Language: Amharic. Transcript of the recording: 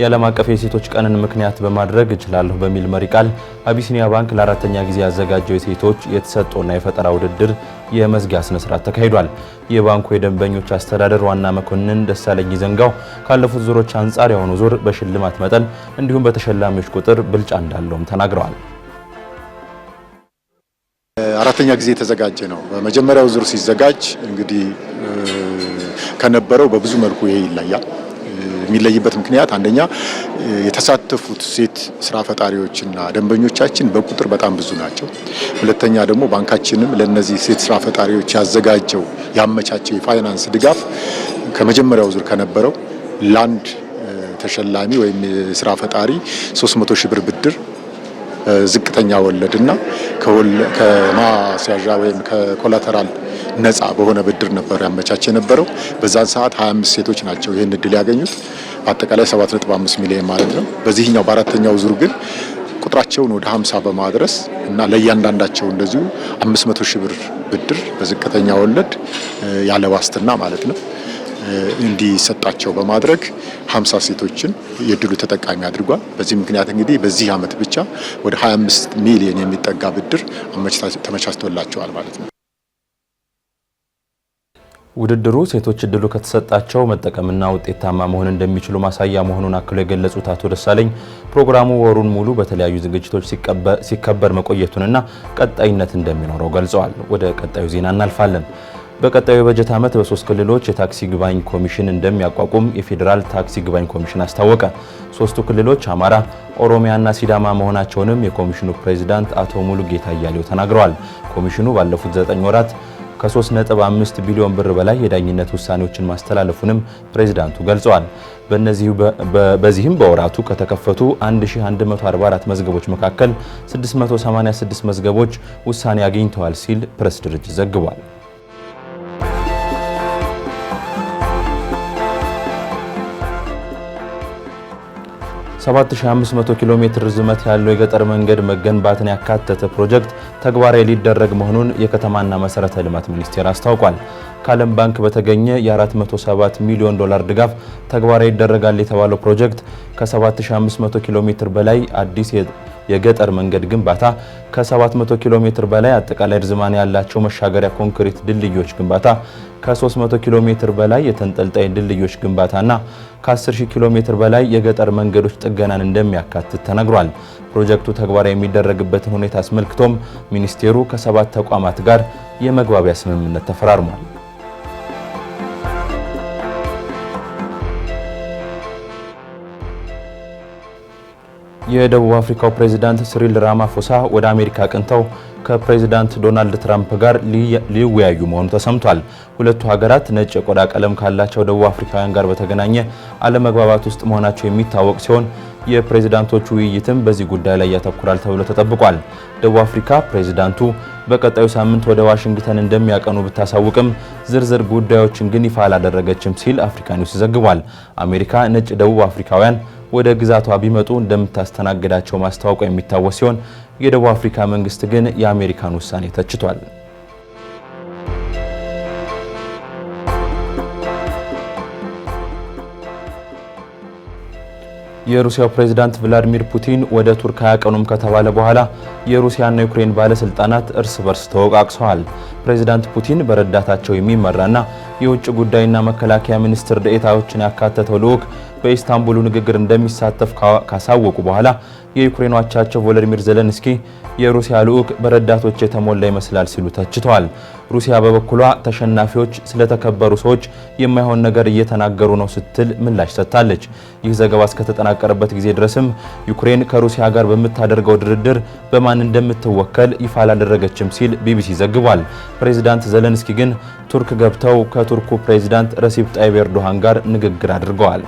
የዓለም አቀፍ የሴቶች ቀንን ምክንያት በማድረግ እችላለሁ በሚል መሪ ቃል አቢሲኒያ ባንክ ለአራተኛ ጊዜ ያዘጋጀው የሴቶች የተሰጥኦና የፈጠራ ውድድር የመዝጊያ ስነ ስርዓት ተካሂዷል። የባንኩ የደንበኞች አስተዳደር ዋና መኮንን ደሳለኝ ዘንጋው ካለፉት ዙሮች አንጻር የሆኑ ዙር በሽልማት መጠን እንዲሁም በተሸላሚዎች ቁጥር ብልጫ እንዳለውም ተናግረዋል። አራተኛ ጊዜ የተዘጋጀ ነው። በመጀመሪያው ዙር ሲዘጋጅ እንግዲህ ከነበረው በብዙ መልኩ ይሄ ይለያል። የሚለይበት ምክንያት አንደኛ የተሳተፉት ሴት ስራ ፈጣሪዎችና ደንበኞቻችን በቁጥር በጣም ብዙ ናቸው። ሁለተኛ ደግሞ ባንካችንም ለነዚህ ሴት ስራ ፈጣሪዎች ያዘጋጀው ያመቻቸው የፋይናንስ ድጋፍ ከመጀመሪያው ዙር ከነበረው ለአንድ ተሸላሚ ወይም የስራ ፈጣሪ 300 ሺህ ብር ብድር ዝቅተኛ ወለድና ከማስያዣ ወይም ከኮላተራል ነፃ በሆነ ብድር ነበር ያመቻቸ የነበረው። በዛን ሰዓት 25 ሴቶች ናቸው ይህን እድል ያገኙት በአጠቃላይ 7.5 ሚሊዮን ማለት ነው። በዚህኛው በአራተኛው ዙር ግን ቁጥራቸውን ወደ 50 በማድረስ እና ለእያንዳንዳቸው እንደዚሁ 500 ሺህ ብር ብድር በዝቅተኛ ወለድ ያለ ዋስትና ማለት ነው እንዲሰጣቸው በማድረግ 50 ሴቶችን የድሉ ተጠቃሚ አድርጓል። በዚህ ምክንያት እንግዲህ በዚህ ዓመት ብቻ ወደ 25 ሚሊዮን የሚጠጋ ብድር ተመቻችቶላቸዋል ማለት ነው። ውድድሩ ሴቶች እድሉ ከተሰጣቸው መጠቀምና ውጤታማ መሆን እንደሚችሉ ማሳያ መሆኑን አክሎ የገለጹት አቶ ደሳለኝ ፕሮግራሙ ወሩን ሙሉ በተለያዩ ዝግጅቶች ሲከበር መቆየቱንና ቀጣይነት እንደሚኖረው ገልጸዋል። ወደ ቀጣዩ ዜና እናልፋለን። በቀጣዩ የበጀት ዓመት በሶስት ክልሎች የታክሲ ግባኝ ኮሚሽን እንደሚያቋቁም የፌዴራል ታክሲ ግባኝ ኮሚሽን አስታወቀ። ሶስቱ ክልሎች አማራ፣ ኦሮሚያና ሲዳማ መሆናቸውንም የኮሚሽኑ ፕሬዚዳንት አቶ ሙሉ አያሌው ተናግረዋል። ኮሚሽኑ ባለፉት ዘጠኝ ወራት ከ3.5 ቢሊዮን ብር በላይ የዳኝነት ውሳኔዎችን ማስተላለፉንም ፕሬዚዳንቱ ገልጸዋል። በዚህም በወራቱ ከተከፈቱ 1144 መዝገቦች መካከል 686 መዝገቦች ውሳኔ አግኝተዋል ሲል ፕሬስ ድርጅት ዘግቧል። 7500 ኪሎ ሜትር ርዝመት ያለው የገጠር መንገድ መገንባትን ያካተተ ፕሮጀክት ተግባራዊ ሊደረግ መሆኑን የከተማና መሠረተ ልማት ሚኒስቴር አስታውቋል። ከዓለም ባንክ በተገኘ የ 47 ሚሊዮን ዶላር ድጋፍ ተግባራዊ ይደረጋል የተባለው ፕሮጀክት ከ7500 ኪሎ ሜትር በላይ አዲስ የገጠር መንገድ ግንባታ፣ ከ700 ኪሎ ሜትር በላይ አጠቃላይ ርዝማኔ ያላቸው መሻገሪያ ኮንክሪት ድልድዮች ግንባታ፣ ከ300 ኪሎ ሜትር በላይ የተንጠልጣይ ድልድዮች ግንባታና ከ10000 ኪሎ ሜትር በላይ የገጠር መንገዶች ጥገናን እንደሚያካትት ተነግሯል። ፕሮጀክቱ ተግባራዊ የሚደረግበትን ሁኔታ አስመልክቶም ሚኒስቴሩ ከሰባት ተቋማት ጋር የመግባቢያ ስምምነት ተፈራርሟል። የደቡብ አፍሪካው ፕሬዚዳንት ሲሪል ራማፎሳ ወደ አሜሪካ ቅንተው ከፕሬዚዳንት ዶናልድ ትራምፕ ጋር ሊወያዩ መሆኑ ተሰምቷል። ሁለቱ ሀገራት ነጭ የቆዳ ቀለም ካላቸው ደቡብ አፍሪካውያን ጋር በተገናኘ አለመግባባት ውስጥ መሆናቸው የሚታወቅ ሲሆን የፕሬዝዳንቶቹ ውይይትም በዚህ ጉዳይ ላይ ያተኩራል ተብሎ ተጠብቋል። ደቡብ አፍሪካ ፕሬዝዳንቱ በቀጣዩ ሳምንት ወደ ዋሽንግተን እንደሚያቀኑ ብታሳውቅም ዝርዝር ጉዳዮችን ግን ይፋ አላደረገችም ሲል አፍሪካ ኒውስ ዘግቧል። አሜሪካ ነጭ ደቡብ አፍሪካውያን ወደ ግዛቷ ቢመጡ እንደምታስተናግዳቸው ማስታወቋ የሚታወስ ሲሆን የደቡብ አፍሪካ መንግስት ግን የአሜሪካን ውሳኔ ተችቷል። የሩሲያው ፕሬዝዳንት ቭላዲሚር ፑቲን ወደ ቱርክ አያቀኑም ከተባለ በኋላ የሩሲያና ዩክሬን ባለስልጣናት እርስ በርስ ተወቃቅሰዋል። ፕሬዝዳንት ፑቲን በረዳታቸው የሚመራና የውጭ ጉዳይና መከላከያ ሚኒስትር ደኤታዎችን ያካተተው ልዑክ በኢስታንቡሉ ንግግር እንደሚሳተፍ ካሳወቁ በኋላ የዩክሬን አቻቸው ቮሎዲሚር ዘለንስኪ የሩሲያ ልዑክ በረዳቶች የተሞላ ይመስላል ሲሉ ተችተዋል። ሩሲያ በበኩሏ ተሸናፊዎች ስለተከበሩ ሰዎች የማይሆን ነገር እየተናገሩ ነው ስትል ምላሽ ሰጥታለች። ይህ ዘገባ እስከተጠናቀረበት ጊዜ ድረስም ዩክሬን ከሩሲያ ጋር በምታደርገው ድርድር በማን እንደምትወከል ይፋ አላደረገችም ሲል ቢቢሲ ዘግቧል። ፕሬዚዳንት ዘለንስኪ ግን ቱርክ ገብተው ከቱርኩ ፕሬዚዳንት ረሲፕ ጣይብ ኤርዶሃን ጋር ንግግር አድርገዋል።